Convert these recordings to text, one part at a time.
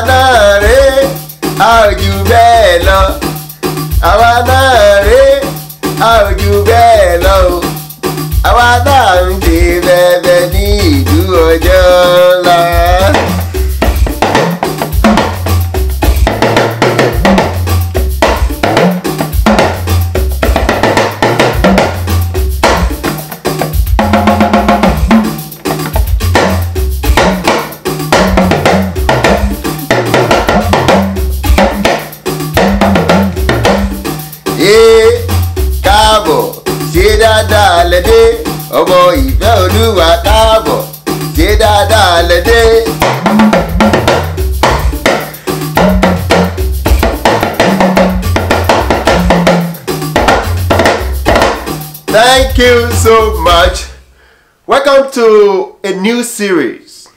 náà rè a ò jù bẹ́ẹ̀ lọ àwa náà rè a ò jù bẹ́ẹ̀ lọ o àwa náà ń ṣe bẹ́ẹ̀ bẹ́ẹ̀ ní ìlú ọjọ́. ṣe lẹ́dẹ́ ọmọ ìfẹ́ olúwa ṣe lẹ́dẹ́. Thank you so much. Welcome to a new series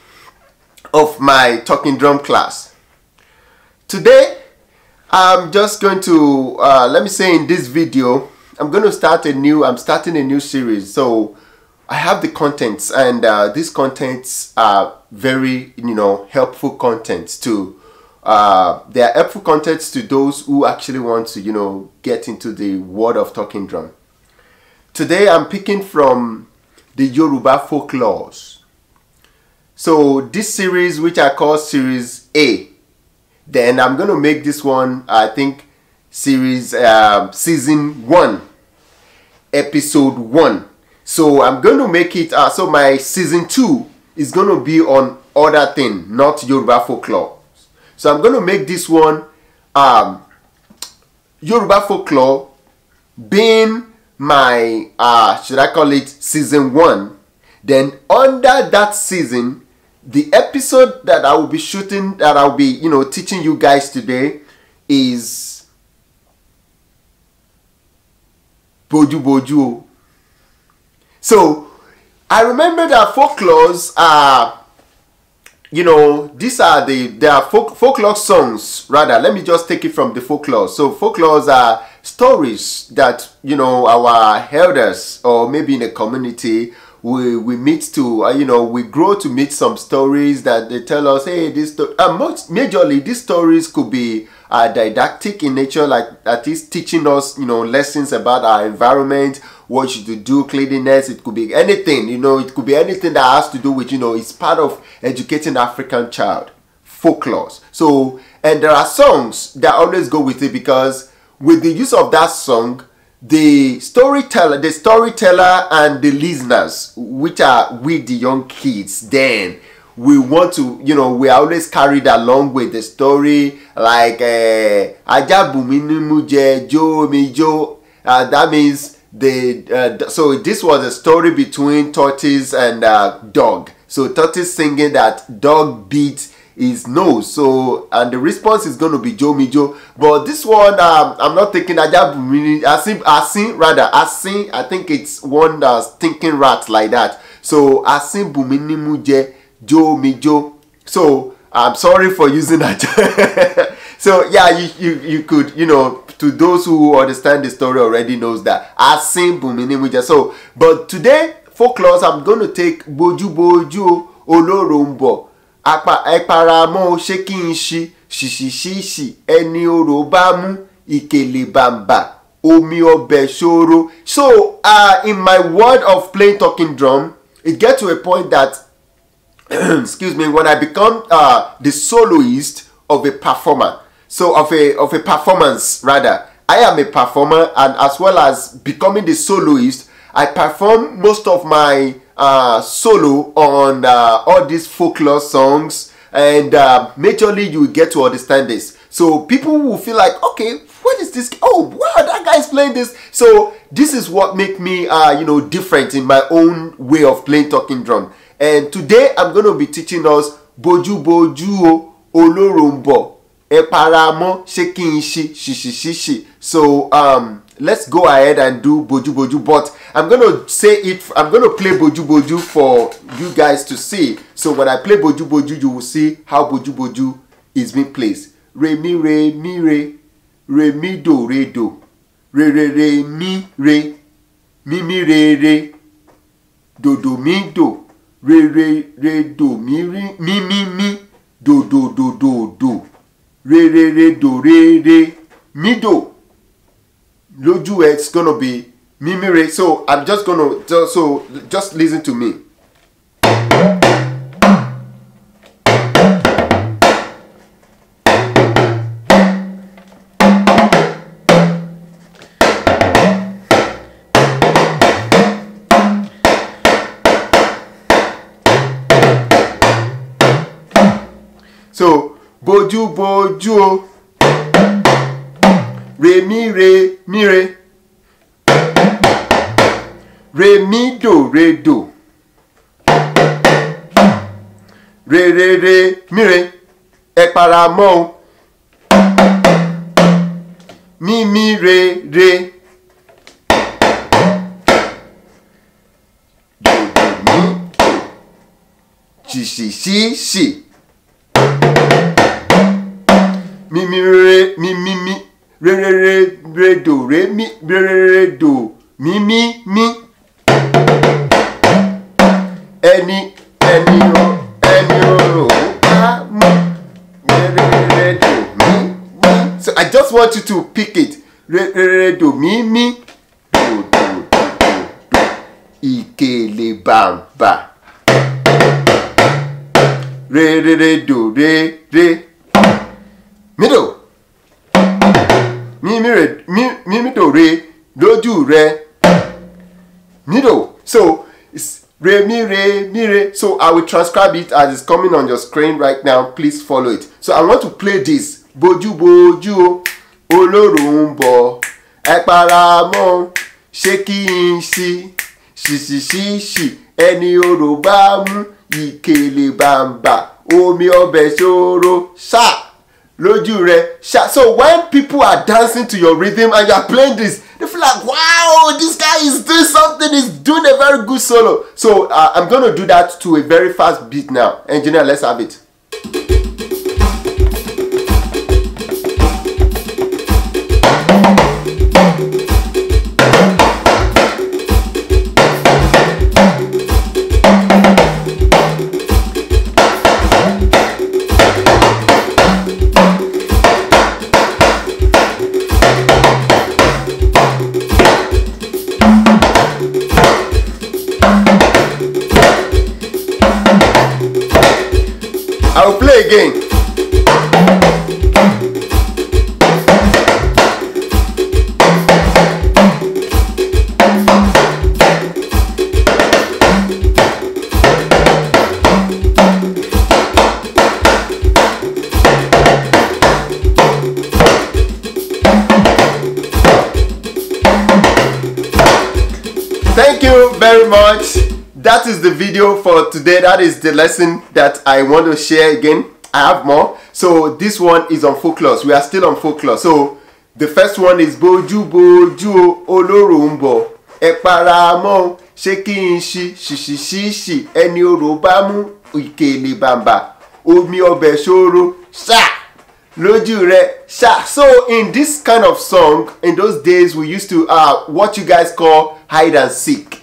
of my talking drum class. Today, I'm just going to, uh, let me say in this video, I'm going to start a new, I'm starting a new series. So I have the contents and uh, these contents are very, you know, helpful contents to, uh, they are helpful contents to those who actually want to, you know, get into the world of talking drum. Today I'm picking from the Yoruba folklores. So this series, which I call series A, then I'm going to make this one, I think, series uh, season one episode one. So I'm going to make it. Uh, so my season two is going to be on other thing, not Yoruba folklore. So I'm going to make this one um, Yoruba folklore being my uh, should I call it season one. Then under that season, the episode that I will be shooting, that I'll be you know teaching you guys today is boju boju. So I remember that folklores are, you know, these are the they are folk, folklore songs rather. Let me just take it from the folklore. So folklores are stories that you know our elders or maybe in a community we we meet to uh, you know we grow to meet some stories that they tell us hey this sto- uh, most majorly these stories could be are didactic in nature, like that is teaching us, you know, lessons about our environment, what to do, cleanliness. It could be anything, you know, it could be anything that has to do with, you know, it's part of educating African child folklore. So, and there are songs that always go with it because with the use of that song, the storyteller, the storyteller, and the listeners, which are we the young kids, then we want to you know we always always carried along with the story like eh, ajabumi ni mu jẹ jo mi jo uh, that means the uh, so this was a story between tortoise and uh, dog so tortoise singing that dog beat is no so and the response is going to be jomijo but this one um, i'm not thinking ajabumi I see, rather see. i think it's one that's thinking rat like that so asin bumi ni muje." Jo mi jo, So I'm sorry for using that. so yeah, you, you you could you know to those who understand the story already knows that Asin Bumini Muja. So but today folklore I'm going to take Boju Boju Olorombo Ẹparamọ́ ṣé kí n ṣi ṣìṣìṣìṣì ẹni oró bá mú ìkèlè bàǹbà omi ọbẹ̀ ṣòro. So uh, in my word of playing talking drum it get to a point that excuse me, when I become uh, the soloist of a performer, so of a of a performance rather, I am a performer, and as well as becoming the soloist, I perform most of my uh, solo on uh, all these folklore songs, and uh, majorly you get to understand this. So people will feel like, okay, what is this? Oh, wow, that guy is playing this. So this is what make me, uh, you know, different in my own way of playing talking drum. and today i'm gonna be teaching us bójúbójú o olorombo eparamo bọ̀ ẹ para mọ́ ṣé kí n ṣe ṣìṣìṣìṣì so um, let's go ahead and do bójúbójú but i'm gonna say it i'm gonna play bójúbójú for you guys to see so when i play bójúbójú you will see how bójúbójú is being placed remi remi re remi do re do re re re mi re mi mi re re dodo mi do. do, do, do, do, do, do, do, do rereredo mímímí dòdòdòdòdò rereredo rere mídò lójú ẹ it's gonna be mímíre so i'm just gonna so just listen to me. ojú bo ojú o rèmí re míre rèmí dò re re re mi re, ẹ para mọ́ o mi re re. Sì sì sì sì mi mi re mi mi mi re re re do re mi re re re do mi mi mi. ẹni ẹni rọ ẹni rọrọ bá mú re re do mi mi. So I just want you to pick it re re re do mi mi do do do do do ìkèlè bàbà re re re do re re middle mímídò re lójú rẹ middle so re mi re mi re so i will transcribe it as it's coming on your screen right now please follow it so i want to play this bojú bojú o olóró ń bọ̀ ẹ para mọ́ ṣé kí n ṣí ṣìṣìṣìṣì ẹni orò bá mú ìkèlè bàǹbà omi ọbẹ̀ ṣòro ṣáà lójú rẹ so when people are dancing to your rhythm and you are playing this they feel like wow this guy is doing something he's doing a very good solo so uh, i'm gonna do that to a very fast beat now engineer let's have it. I will play again. Thank you very much that is the video for today. That is the lesson that I want to share again. I have more. So this one is on folklore. We are still on folklore. So the first one is boju boju olorumbo eparamo shekinshi shishishishi eni orobamu ikele bamba omi obe sha lójú rẹ sha. So in this kind of song in those days we used to uh, what you guys call hide and seek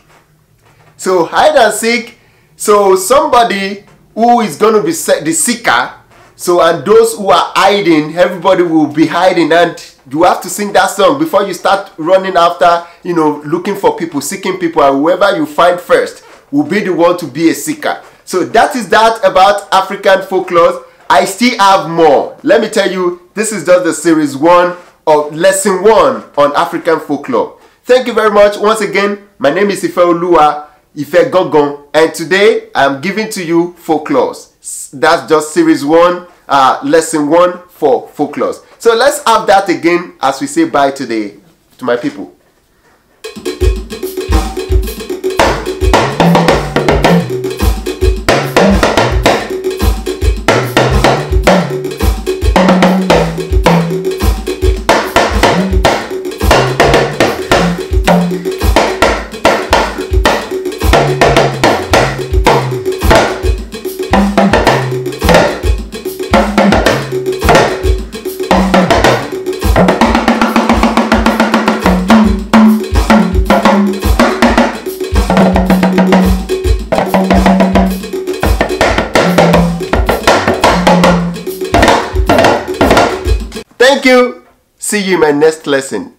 so hide and seek. So somebody who is going to be the seeker. So and those who are hiding, everybody will be hiding, and you have to sing that song before you start running after, you know, looking for people, seeking people, and whoever you find first will be the one to be a seeker. So that is that about African folklore. I still have more. Let me tell you, this is just the series one of lesson one on African folklore. Thank you very much once again. My name is Ifeoluwa. Ife Gogon, and today I'm giving to you folklores. That's just series one, uh, lesson one for folklores. So let's have that again as we say bye today to my people. Thank you. See you in my next lesson.